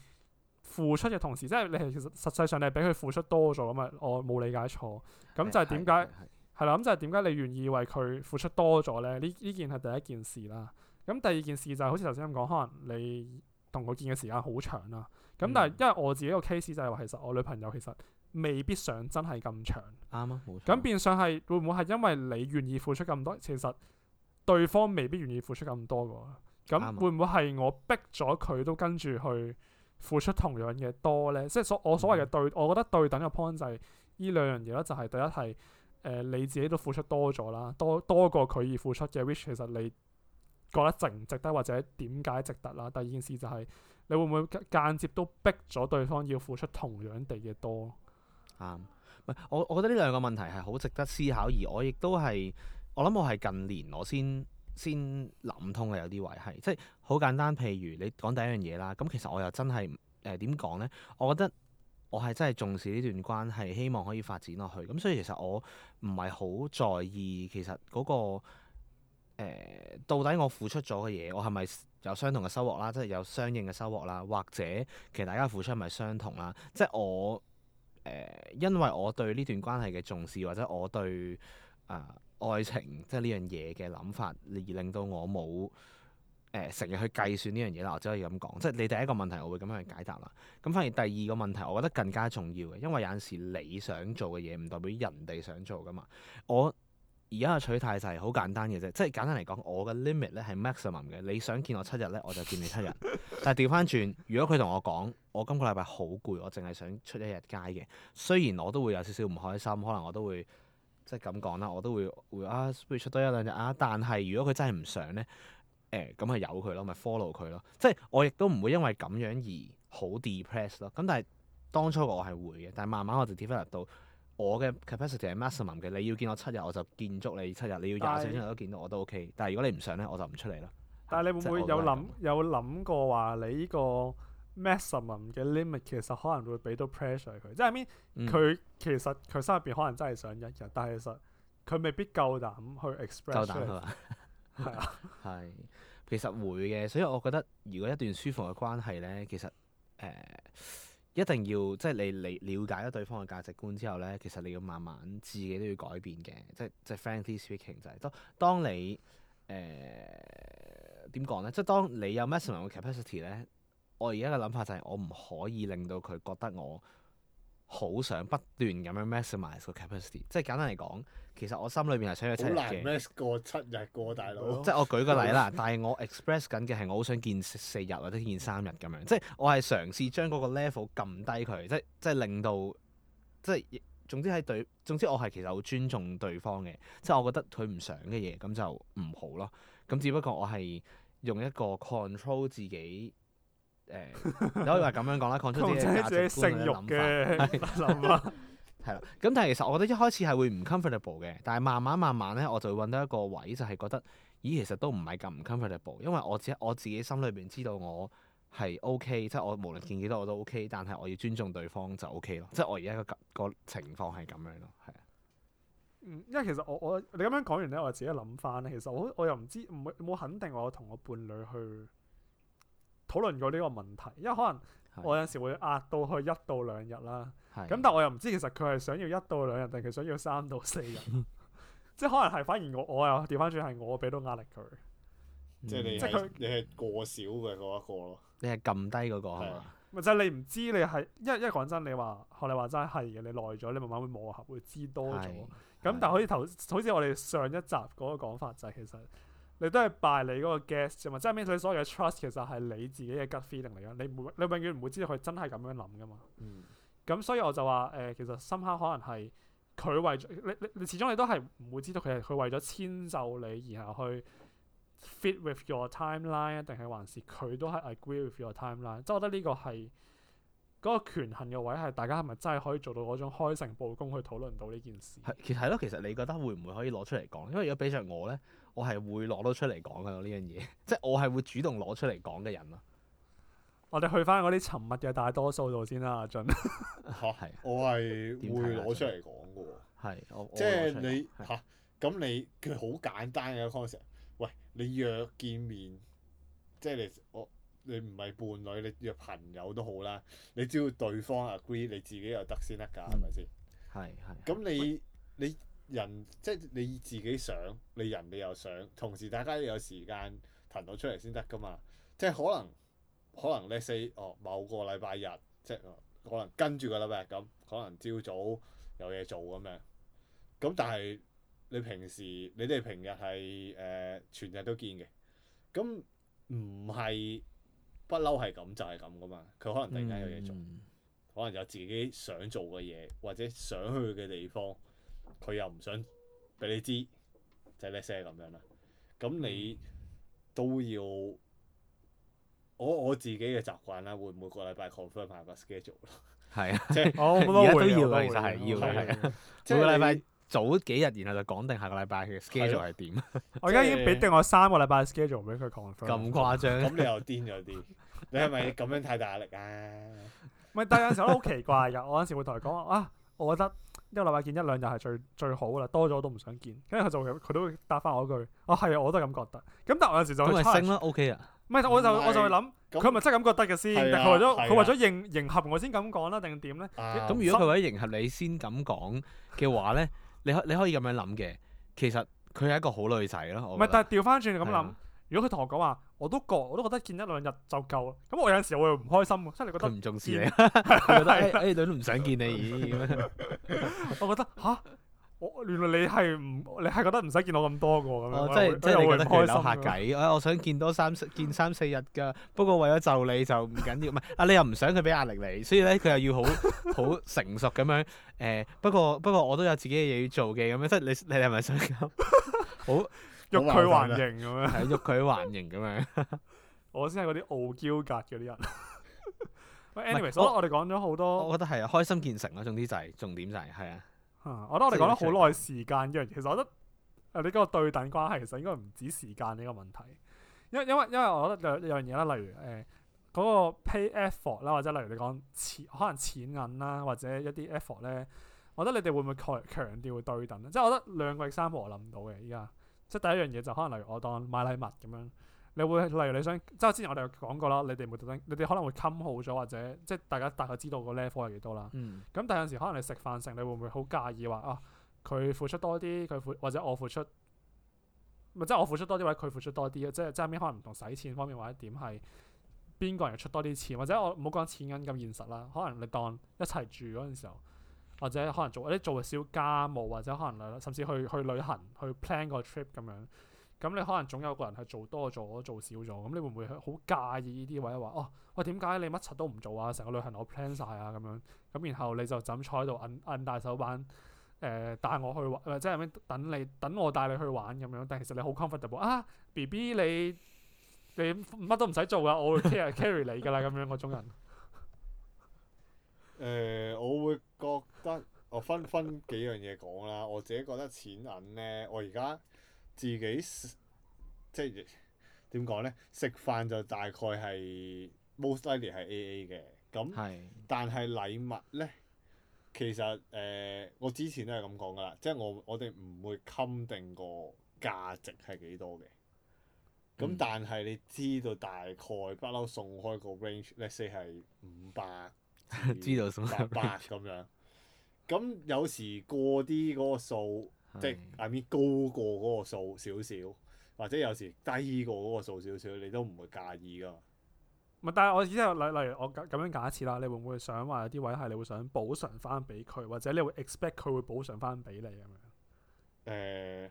付出嘅同時，即係你係其實實際上你係俾佢付出多咗啊嘛。我冇理解錯。咁就係點解？是是是是是是係啦，咁就係點解你願意為佢付出多咗咧？呢呢件係第一件事啦。咁第二件事就係好似頭先咁講，可能你同佢見嘅時間好長啦。咁、嗯、但係因為我自己個 case 就係、是、話，其實我女朋友其實未必想真係咁長。啱啊，冇錯。咁變相係會唔會係因為你願意付出咁多，其實對方未必願意付出咁多噶？啱啊。咁會唔會係我逼咗佢都跟住去付出同樣嘅多咧？即係冇錯，所我所謂嘅對，嗯、我覺得對等嘅 point 就係呢兩樣嘢啦，就係、是、第一係。誒、呃、你自己都付出多咗啦，多多過佢而付出嘅，which 其實你覺得值唔值得或者點解值得啦？第二件事就係、是，你會唔會間接都逼咗對方要付出同樣地嘅多？啱、嗯，我我覺得呢兩個問題係好值得思考，而我亦都係我諗我係近年我先先諗通嘅有啲位係，即係好簡單。譬如你講第一樣嘢啦，咁其實我又真係誒點講呢？我覺得。我係真係重視呢段關係，希望可以發展落去。咁所以其實我唔係好在意，其實嗰、嗰個誒、呃、到底我付出咗嘅嘢，我係咪有相同嘅收穫啦？即係有相應嘅收穫啦，或者其實大家付出係咪相同啦？即係我誒、呃，因為我對呢段關係嘅重視，或者我對啊、呃、愛情即係呢樣嘢嘅諗法，而令到我冇。誒成日去計算呢樣嘢啦，我只可以咁講，即係你第一個問題，我會咁樣去解答啦。咁反而第二個問題，我覺得更加重要嘅，因為有陣時你想做嘅嘢唔代表人哋想做噶嘛。我而家嘅取態就係好簡單嘅啫，即係簡單嚟講，我嘅 limit 咧係 maximum 嘅。你想見我七日咧，我就見你七日。但係調翻轉，如果佢同我講，我今個禮拜好攰，我淨係想出一日街嘅，雖然我都會有少少唔開心，可能我都會即係咁講啦，我都會會啊，不如出多一兩日啊。但係如果佢真係唔想咧。誒咁係由佢咯，咪 follow 佢咯，即係我亦都唔會因為咁樣而好 depressed 咯。咁但係當初我係會嘅，但係慢慢我就 develop 到我嘅 capacity 係 maximum 嘅。你要見我七日，我就見足你七日，你要廿四天都見到我都 OK 但。但係如果你唔想咧，我就唔出嚟咯。但係你會唔會即有諗有諗過話你呢個 maximum 嘅 limit 其實可能會俾到 pressure 佢，即係咪？佢其實佢、嗯、心入邊可能真係想一日，但係其實佢未必夠膽去 express。 (laughs) 係啊，係， (laughs) 其實會嘅，所以我覺得如果一段舒服嘅關係咧，其實誒、呃、一定要即係、就是、你你了解咗對方嘅價值觀之後咧，其實你要慢慢自己都要改變嘅，即係即係 frankly speaking 就係當當你誒點講咧，即係當你有 maximum 嘅 capacity 咧，我而家嘅諗法就係我唔可以令到佢覺得我。好想不斷咁樣 maximize 個 capacity，即係簡單嚟講，其實我心裏面係想一齊嘅。好難過七日過大佬。即係我舉個例啦， (laughs) 但係我 express 緊嘅係我好想見四日或者見三日咁樣，即係我係嘗試將嗰個 level 撳低佢，即係即係令到即係總之係對，總之我係其實好尊重對方嘅，即係我覺得佢唔想嘅嘢咁就唔好咯。咁只不過我係用一個 control 自己。誒你可以話咁樣 (laughs) 講啦，講出啲性慾嘅諗法，係啦。咁但係其實我覺得一開始係會唔 comfortable 嘅，但係慢慢慢慢咧，我就會揾到一個位，就係覺得咦，其實都唔係咁唔 comfortable。因為我自己我自己心裏邊知道我係 OK，即係我無論見幾多我都 OK，但係我要尊重對方就 OK 咯。即係我而家個個情況係咁樣咯，係啊。因為其實我我，我你咁樣講完咧，我自己諗翻咧，其實我我又唔知唔冇肯定我同我伴侶去。討論過呢個問題，因為可能我有時會壓到去一到兩日啦。咁是的 但係我又唔知其實佢係想要一到兩日，定係想要三到四日？ (laughs) 即係可能係反而我又反我又調翻轉係我俾到壓力佢。嗯、即係你即係他你係過少嘅嗰一個咯。嗯那個、你係撳低嗰個咪就係你唔知你係，因為因為講真你話學你話齋係嘅，你耐咗你慢慢會磨合，會知多咗。咁但係好似頭，好似我哋上一集嗰個講法就係其實。你都係拜你嗰個 guess 啫嘛，即係變咗你所有嘅 trust 其實係你自己嘅 gut feeling 嚟嘅，你每你永遠唔會知道佢真係咁樣諗噶嘛。咁、嗯、所以我就話誒、呃，其實深刻可能係佢為咗你你你始終你都係唔會知道佢係佢為咗遷就你，然後去 fit with your timeline，定係還是佢都係 agree with your timeline。即係我覺得呢個係。嗰個權衡嘅位係，大家係咪真係可以做到嗰種開誠佈公去討論到呢件事？係其實係咯，其實你覺得會唔會可以攞出嚟講？因為如果俾著我咧，我係會攞到出嚟講嘅呢樣嘢，即係我係會主動攞出嚟講嘅人咯。我哋去翻嗰啲沉默嘅大多數度先啦，阿俊嚇，啊，我係 (laughs) 看會攞出嚟講嘅喎。啊、即係是 你嚇咁、啊啊、你佢好簡單嘅 concept。喂，你約見面，即、就、係、是、你我。我你唔係伴侶，你約朋友都好啦。你只要對方 agree，你自己又得先得㗎，係咪先？係係。咁、嗯、你、嗯、你人即係你自己想，你人你又想，同時大家有時間騰到出嚟先得㗎嘛。即係可能可能你 say 哦，某個禮拜日即係可能跟住個禮拜日咁，可能朝早有嘢做咁樣。咁但係你平時你哋平日係誒、呃、全日都見嘅，咁唔係。不嬲係咁就係咁㗎嘛，佢可能突然間有嘢做，可能有自己想做嘅嘢或者想去嘅地方，佢又唔想俾你知，就係呢啲咁樣啦。咁你都要我，我自己嘅習慣啦，會每個禮拜 confirm 下個 schedule 咯。係啊，即係我而家都要其實係要嘅，係啊，每個禮拜。早幾日，然後就講定下個禮拜嘅 schedule 係點。我而家已經俾定我三個禮拜 schedule 俾佢 confirm。咁誇張？咁你又癲咗啲？你係咪咁樣太大壓力啊？唔係，但有時候都好奇怪㗎。我有陣時會同佢講啊，我覺得一個禮拜見一兩日係最最好啦，多咗都唔想見。跟住佢就會佢都會答翻我句哦，係啊，我都係咁覺得。咁但係有時就佢升啦，OK 啊？唔係，我就我就會諗佢係咪真係咁覺得嘅先？佢為咗佢為咗迎迎合我先咁講啦，定點咧？咁如果佢為咗迎合你先咁講嘅話咧？你可你可以咁樣諗嘅，其實佢係一個好女仔咯。唔係不，但係調翻轉咁諗，是啊、如果佢同我講話，我都覺我都覺得見一兩日就夠啦。咁我有陣時我又唔開心，即係你覺得佢唔重視你，啊， (laughs) (laughs) 覺得 (laughs) A 女都唔想見你。我覺得嚇。我原來你係唔，你係覺得唔使見到咁多個咁樣，即係即係我會開心。哎，我想見多三四見三四日噶，不過為咗就你就唔緊要，唔係啊，你又唔想佢俾壓力你，所以咧佢又要好好成熟咁樣誒。不過不過我都有自己嘅嘢要做嘅咁樣，即係你你係咪想好欲拒還迎咁樣？係欲拒還迎咁樣。我先係嗰啲傲嬌格嗰啲人。anyways，我覺得我哋講咗好多。我覺得係開心見誠咯，總之就係重點就係係啊。啊、嗯，我覺得我哋講得好耐時間呢樣嘢。其實我覺得誒，你嗰個對等關係其實應該唔止時間呢個問題，因為因為因為我覺得兩一樣嘢啦，例如誒嗰、呃那個 pay effort 啦，或者例如你講錢，可能錢銀啦，或者一啲 effort 咧，我覺得你哋會唔會強強調對等咧？即係我覺得兩個亦三和我諗唔到嘅依家，即係第一樣嘢就可能例如我當買禮物咁樣。你會例如你想，即係之前我哋有講過啦，你哋唔會特登，你哋可能會襟好咗，或者即係大家大概知道個 level 係幾多啦。咁、嗯、但係有時可能你食飯成，你會唔會好介意話啊？佢付出多啲，佢付或者我付出，或者我付出多啲或者佢付出多啲啊？即係即係可能唔同使錢方面或者點係邊個人出多啲錢，或者我唔好講錢銀咁現實啦。可能你當一齊住嗰陣時候，或者可能做啲做少家務，或者可能甚至去去旅行去 plan 個 trip 咁樣。咁你可能總有個人係做多咗，做少咗，咁你會唔會好介意呢啲或者話哦，喂，點解你乜柒都唔做啊？成個旅行我 plan 晒啊，咁樣咁然後你就就坐喺度摁摁大手板，誒、呃、帶我去玩，誒、呃、即係咩？等你等我帶你去玩咁樣，但其實你好 comfortable 啊，B B 你你乜都唔使做啊，我會 care carry 你噶啦咁樣嗰種人。誒、呃，我會覺得我分分幾樣嘢講啦，我自己覺得錢銀咧，我而家。自己食即係點講咧？食飯就大概係 most likely 係 A A 嘅。咁，是但係禮物咧，其實誒、呃，我之前都係咁講噶啦，即係我我哋唔會禁定個價值係幾多嘅。咁、嗯、但係你知道大概不嬲送開個 range，let's say 係五百， (laughs) 知道送八百咁樣。咁 (laughs) (laughs) 有時過啲嗰個數，即係面 I mean，高過嗰個數少少，或者有時低過嗰個數少少，你都唔會介意噶嘛。唔係，但係我只係例例如我咁咁樣假設啦，你會唔會想話有啲位係你會想補償返俾佢，或者你會 expect 佢會補償返俾你咁樣？誒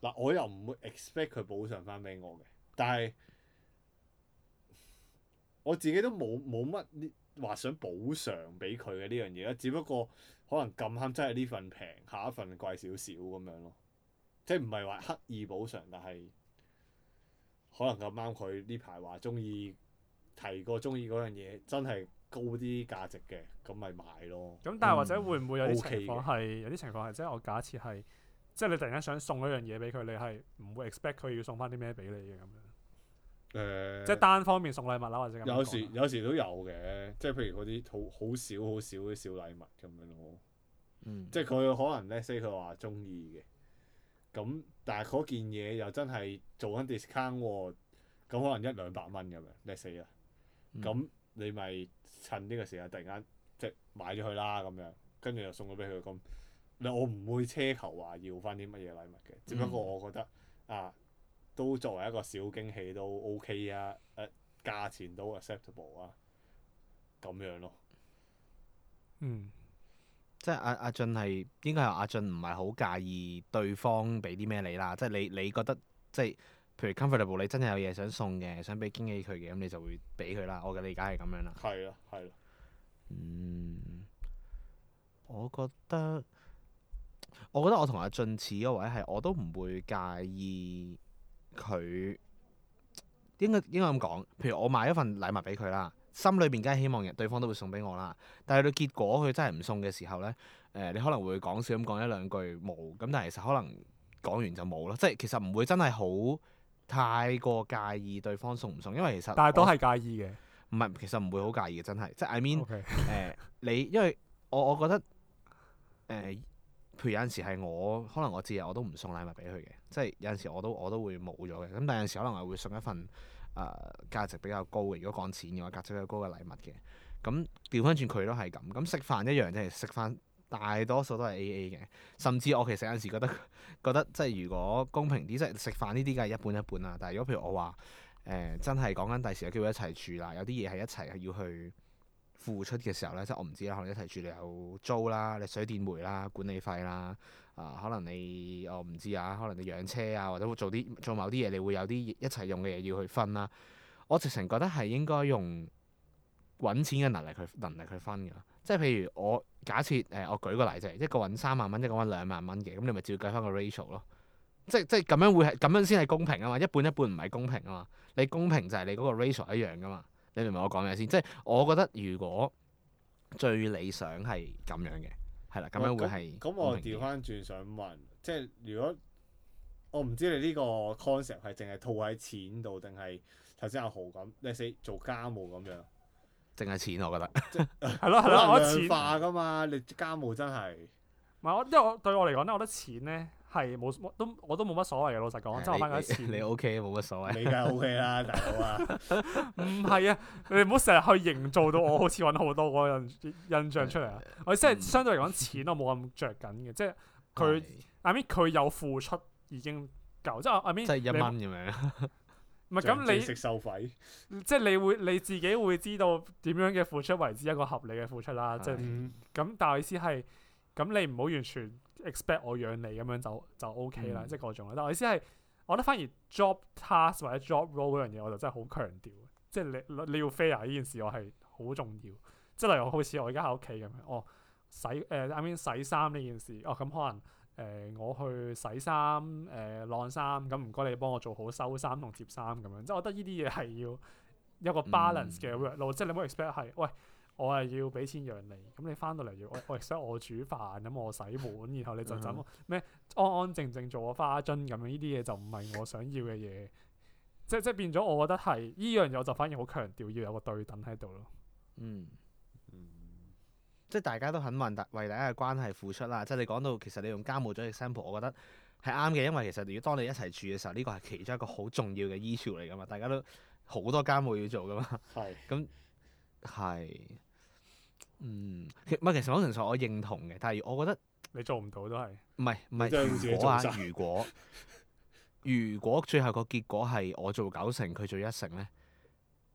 嗱、呃，我又唔會 expect 佢補償返俾我嘅，但係我自己都冇冇乜呢話想補償俾佢嘅呢樣嘢啦，只不過。可能咁啱真係呢份平，下一份貴少少咁樣咯，即係唔係話刻意補償，但係可能咁啱佢呢排話中意提過中意嗰樣嘢，真係高啲價值嘅，咁咪買咯。咁但係或者會唔會有啲情況係、嗯 okay、有啲情況係即係我假設係，即係你突然間想送嗰樣嘢俾佢，你係唔會 expect 佢要送翻啲咩俾你嘅咁樣？誒，呃、即係單方面送禮物啦，或者有時有時都有嘅，即係譬如嗰啲好好少好少啲小禮物咁樣咯。嗯、即係佢可能咧，let's say 佢話中意嘅，咁但係嗰件嘢又真係做緊 discount 喎，咁可能一兩百蚊咁樣，let's say 啦。咁、嗯、你咪趁呢個時候突然間即係買咗佢啦咁樣，跟住又送咗俾佢咁。嗱，我唔會奢求話要返啲乜嘢禮物嘅，嗯、只不過我覺得啊，都作為一個小驚喜都 OK 啊，誒、啊、價錢都 acceptable 啊，咁樣咯。嗯、即係阿阿俊係應該係阿俊唔係好介意對方俾啲咩你啦。即係你你覺得即係譬如 comfortable，你真係有嘢想送嘅，想俾驚喜佢嘅，咁你就會俾佢啦。我嘅理解係咁樣啦。係啦、啊，係啦、啊。嗯，我覺得我覺得我同阿俊似嗰位係，我都唔會介意。佢應該應該咁講，譬如我買一份禮物俾佢啦，心裏邊梗係希望人對方都會送俾我啦。但係到結果佢真係唔送嘅時候咧，誒、呃、你可能會講笑咁講一兩句冇。咁但係其實可能講完就冇咯，即係其實唔會真係好太過介意對方送唔送，因為其實但係都係介意嘅。唔係，其實唔會好介意嘅，真係。即係 I mean 誒 Okay.、呃，你因為我我覺得誒。呃佢有陣時係我，可能我自己我都唔送禮物俾佢嘅，即係有陣時我都我都會冇咗嘅。咁但係有陣時可能我會送一份誒價值比較高嘅，如果講錢嘅話，價值比較高嘅禮物嘅。咁調翻轉佢都係咁。咁食飯一樣即係食飯，大多數都係 A A 嘅。甚至我其實有陣時覺得覺得即係如果公平啲，即係食飯呢啲梗係一半一半啦。但係如果譬如我話誒、呃、真係講緊第時有機會一齊住啦，有啲嘢係一齊係要去付出嘅時候咧，即係我唔知啦。可能一齊住你有租啦，你水電煤啦，管理費啦，啊、呃，可能你我唔知啊，可能你養車啊，或者會做啲做某啲嘢，你會有啲一齊用嘅嘢要去分啦。我直情覺得係應該用揾錢嘅能力去能力去分噶。即係譬如我假設誒、呃，我舉個例，即係一個揾三萬蚊，一個揾兩萬蚊嘅，咁你咪照計翻個 ratio 咯。即即係咁樣會係咁樣先係公平啊嘛，一半一半唔係公平啊嘛。你公平就係你嗰個 ratio 一樣噶嘛。你明唔明我講咩先？即係我覺得如果最理想係咁樣嘅，係啦，咁樣會係。咁我調翻轉想問，即係如果我唔知你呢個 concept 係淨係套喺錢度，定係頭先阿豪咁，你死做家務咁樣，淨係錢我覺得、 (laughs) 嗯。係咯係咯，我易量化㗎嘛，你家務真係。唔係我，因為我對我嚟講咧，我覺得錢咧。係冇都我都冇乜所謂嘅，老實講，即係我翻嗰啲錢你 OK 冇乜所謂，你梗係 OK 啦，大佬啊！唔係啊，你唔好成日去營造到我好似揾好多嗰印印象出嚟啊！我即係相對嚟講，錢都冇咁着緊嘅，即係佢阿 B 佢有付出已經夠，即係阿 B 即係一蚊咁樣，唔係咁你即係你會你自己會知道點樣嘅付出為之一個合理嘅付出啦。即係咁，但係意思係咁，你唔好完全。expect 我養你咁樣就就 OK 啦，嗯、即係嗰種但我意思係，我覺得反而 job task 或者 job role 嗰樣嘢，我就真係好強調。即係你你要 fair 啊！呢件事我係好重要。即係例如好似我而家喺屋企咁樣，哦洗誒啱先洗衫呢件事，哦咁可能誒、呃、我去洗衫誒晾衫，咁唔該你幫我做好收衫同摺衫咁樣。即係我覺得呢啲嘢係要一個 balance 嘅 workload 即係你冇 expect 係喂。我係要俾錢養你，咁你翻到嚟要喂喂，我煮飯，咁我洗碗，然後你就走。咩、嗯哼？安安靜靜做個花樽咁樣？呢啲嘢就唔係我想要嘅嘢。即即變咗，我覺得係呢樣嘢，我就反而好強調要有個對等喺度咯。嗯，嗯，即大家都肯為大大家嘅關係付出啦。即你講到其實你用家務做嘅 sample，我覺得係啱嘅，因為其實如果當你一齊住嘅時候，呢、呢個係其中一個好重要嘅 issue 嚟噶嘛，大家都好多家務要做噶嘛。咁係是。嗯，唔係其實講，其實我認同嘅，但係我覺得你做唔到都係唔係唔係。如果如果 (laughs) 如果最後個結果係我做九成，佢做一成咧，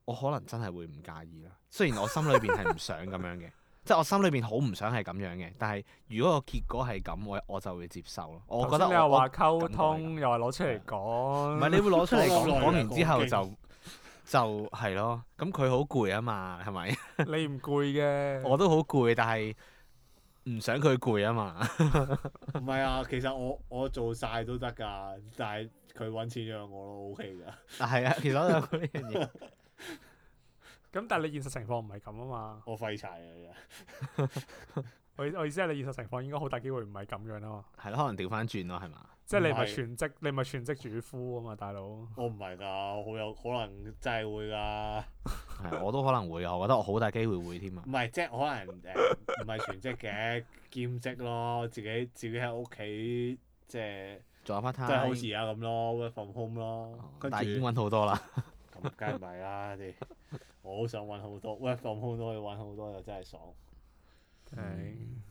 我可能真係會唔介意啦。雖然我心裏邊係唔想咁樣嘅， (laughs) 即係我心裏邊好唔想係咁樣嘅。但係如果個結果係咁，我我就會接受咯。我覺得我你又話溝通，又話攞出嚟講，唔係 (laughs) 你會攞出嚟講講完之後就。 (laughs) 就係咯，咁佢好攰啊嘛，係咪？你唔攰嘅，我都好攰，但係唔想佢攰啊嘛。唔係啊，其實我我做晒都得噶，但係佢揾錢養我咯，OK 噶。但係啊，其實我都有講呢樣嘢。咁但係你現實情況唔係咁啊嘛。我廢柴啊！ (laughs) 我我意思係你現實情況應該好大機會唔係咁樣啊嘛，係咯，可能調翻轉咯，係嘛？即係你唔係全職，你唔係全職主夫啊嘛，大佬。Oh，我唔係㗎，好有可能真係會㗎。係啊 (laughs) ，我都可能會啊，我覺得我好大機會會添啊。唔係， (laughs) 即可能誒唔係全職嘅兼職咯，自己自己喺屋企即做下 part time，好似而家咁咯，Work from home 咯。但係已經揾好多啦。咁梗係唔係啦？我好想揾好多，Work from home 都可以揾好多，又真係爽。誒，嗯、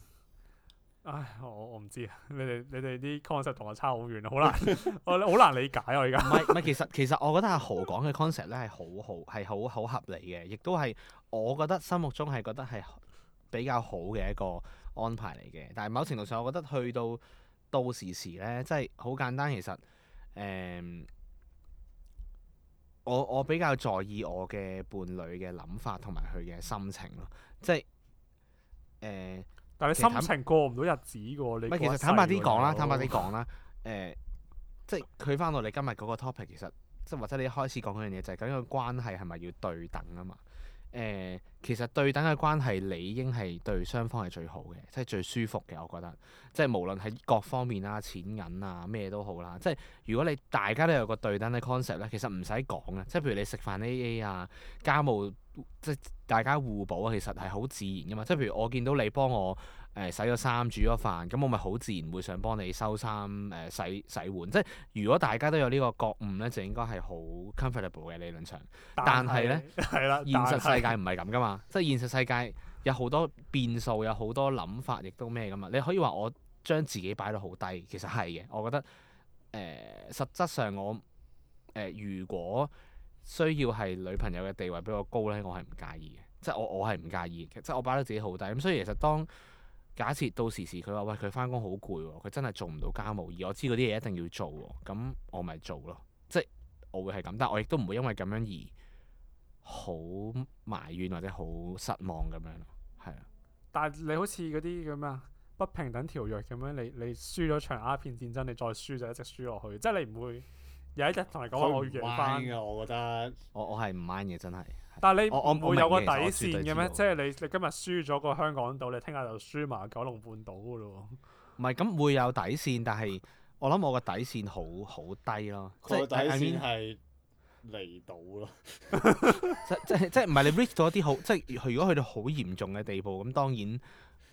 唉，我我唔知啊，你哋你哋啲 concept 同我差好遠，好難， (laughs) 我好難理解啊！而家唔係唔係，其實其實我覺得阿豪講嘅 concept 咧係好好係好好合理嘅，亦都係我覺得心目中係覺得係比較好嘅一個安排嚟嘅。但係某程度上，我覺得去到到時時咧，即係好簡單。其實，誒、呃，我我比較在意我嘅伴侶嘅諗法同埋佢嘅心情咯，即係。誒，呃、但係你心情過唔到日子噶喎，你唔係，其實坦白啲講啦， (laughs) 坦白啲講啦，誒、呃，即係佢翻到你今日嗰個 topic，其實即係或者你一開始講嗰樣嘢就係究竟個關係係咪要對等啊嘛？誒、呃，其實對等嘅關係理應係對雙方係最好嘅，即係最舒服嘅，我覺得，即係無論係各方面啦、錢銀啊咩都好啦，即係如果你大家都有個對等嘅 concept 咧，其實唔使講啊。即係譬如你食飯 AA 啊，家務。即係大家互補，其實係好自然噶嘛。即係譬如我見到你幫我誒、呃、洗咗衫、煮咗飯，咁我咪好自然會想幫你收衫、誒、呃、洗洗碗。即係如果大家都有呢個覺悟咧，就應該係好 comfortable 嘅理論上。但係是咧，係啦， (laughs) 的現實世界唔係咁噶嘛。 (laughs) 即係現實世界有好多變數，有好多諗法，亦都咩噶嘛。你可以話我將自己擺到好低，其實係嘅。我覺得誒、呃，實質上我誒、呃、如果。需要係女朋友嘅地位比我高呢，我係唔介意嘅，即係我我係唔介意嘅，即係我擺到自己好低。咁所以其實當假設到時時佢話喂，佢翻工好攰，佢真係做唔到家務，而我知嗰啲嘢一定要做，咁我咪做咯，即係我會係咁，但係我亦都唔會因為咁樣而好埋怨或者好失望咁樣咯，係啊。但係你好似嗰啲叫咩啊？不平等條約咁樣，你你輸咗場鴉片戰爭，你再輸就一直輸落去，即係你唔會。有一日同你講，話我贏翻嘅，我覺得我我係唔 mind 嘅真係。但係你我我，我會有個底線嘅咩？即係你你今日輸咗個香港島，你聽日就輸埋九龍半島嘅咯喎。唔係咁，會有底線，但係我諗我個底線好好低咯，即係底線係離島咯。即即即唔係你 reach 到一啲好，即係如果去到好嚴重嘅地步，咁當然。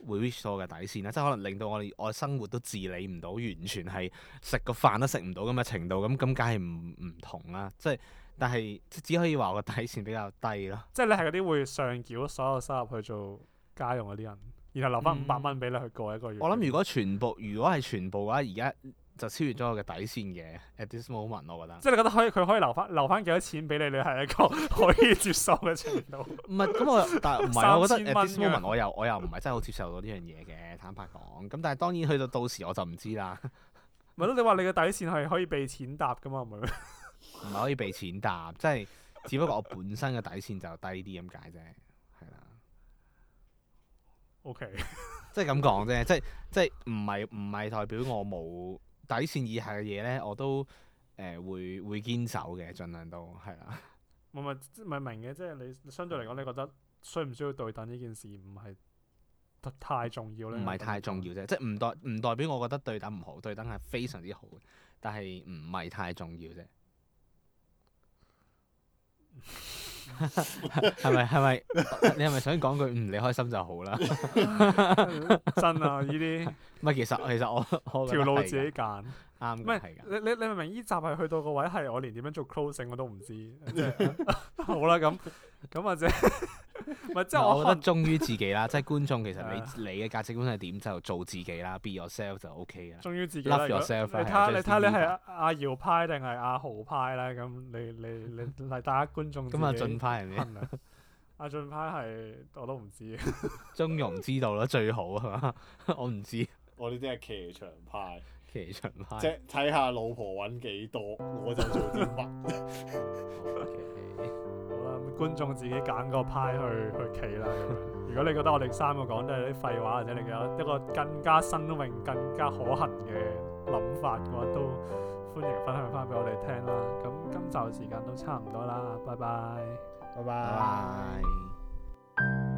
會 wish 到嘅底線咧，即係可能令到我哋我生活都自理唔到，完全係食個飯都食唔到咁嘅程度，咁咁梗係唔唔同啦。即係但係只可以話個底線比較低咯。即係你係嗰啲會上繳所有收入去做家用嗰啲人，然後留翻五百蚊俾你去過一個月。我諗如果全部，如果係全部嘅話，而家。就超越咗我嘅底線嘅。At this moment， (music) 我覺得，即係你覺得可以佢可以留翻留翻幾多錢俾你？你係一個可以接受嘅程度。唔係咁，但我但係唔係我覺得。At this moment，我又我又唔係真係好接受到呢樣嘢嘅，坦白講。咁但係當然去到到時我就唔知啦。唔係咯？你話你嘅底線係可以被踐踏㗎嘛？係咪？唔係可以被踐踏，即係只不過我本身嘅底線就低啲咁解啫。係啦。 (laughs) OK，即係咁講啫。即係 (music) 即係唔係唔係代表我冇。底線以下嘅嘢咧，我都誒、呃、會會堅守嘅，儘量都係啦。唔係唔係明嘅，即係你相對嚟講，你覺得需唔需要對等呢件事唔係太重要咧？唔係太重要啫，即係唔代唔代表我覺得對等唔好，對等係非常之好，但係唔係太重要啫。 (laughs) 係咪係咪？你係咪想講句唔你開心就好啦？ (laughs) (laughs) 真啊，呢啲咪其實其實我我條路自己揀。 (laughs) 唔係，你你你明明？呢集係去到個位係，我連點樣做 closing 我都唔知。好啦，咁咁或者，唔係即係我覺得忠於自己啦。即係觀眾其實你你嘅價值觀係點就做自己啦，be yourself 就 OK 啦。忠於自己 be yourself。你睇你睇你係阿阿姚派定係阿豪派咧？咁你你你嚟睇下觀眾。咁阿俊派係咩？阿俊派係我都唔知。中庸之道啦，最好係嘛？我唔知。我呢啲係騎牆派。奇巡派， (music) 即睇下老婆揾幾多，我就做啲乜。好啦，咁觀眾自己揀個派去去企啦。 (laughs) 如果你覺得我哋三個講都係啲廢話，或者你有一個更加新穎、更加可行嘅諗法嘅話，我都歡迎分享翻俾我哋聽啦。咁今集時間都差唔多啦，拜拜，拜拜。